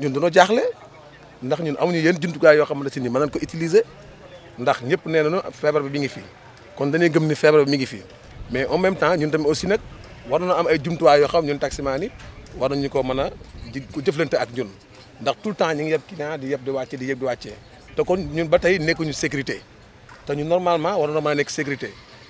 ñun dañoo jaxlé ndax ñun amuñu yenn jumtukaay yo xamna ci ni man lañ ko utiliser ndax ñepp nénañu fièvre bi mi ngi fi kon dañuy gëm ni fièvre bi mi ngi fi mais en même temps ñun tamit aussi nak war nañoo am ay jumtuwaay yo xam ñun taximaan yi war nañu ko mëna a jëflante ak ñun ndax tout temps ñi ngi yeb client di yeb di wàcce di yeb di wàccee té kon ñun ba tey nekkuñu sécurité té ñun normalement war na mën a nekk sécurité.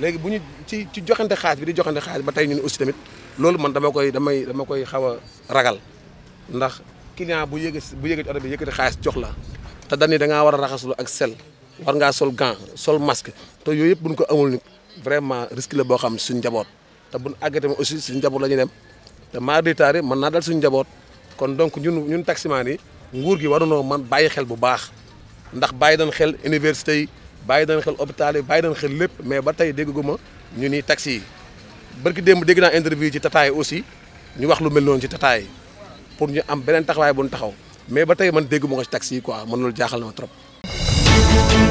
léegi buñu ci ci joxante xaar bi di joxante xaar ba tay ñun aussi tamit loolu man dama koy damay dama koy xawa ragal ndax client bu yëge bu yëge ci oto bi yëkkati xaar jox la ta dañ ni da nga wara a raxaslu ak sel war nga sol gant sol masque to yooyu yëpp buñ ko amul nit vraiment risque la bo xam suñ jabot ta buñ agge tamit aussi suñ jabot lañu dem te ma di taari man na dal suñ jabot kon donc ñun ñun taximan yi nguur gi waruno man bàyyi xel bu baax ndax bàyyi doon xel université yi bàyyi dañ xel hôpital yi bàyyi dañ xel lépp mais ba tey dégguma ñu ni taxi yi barki démb dégg naa interview ci tataay aussi ñu wax lu mel noonu ci tataay pour ñu am beneen taxawaay bu ñu taxaw mais ba tey man dégguma ko ci taxi yi quoi man loolu jaaxal na ma trop.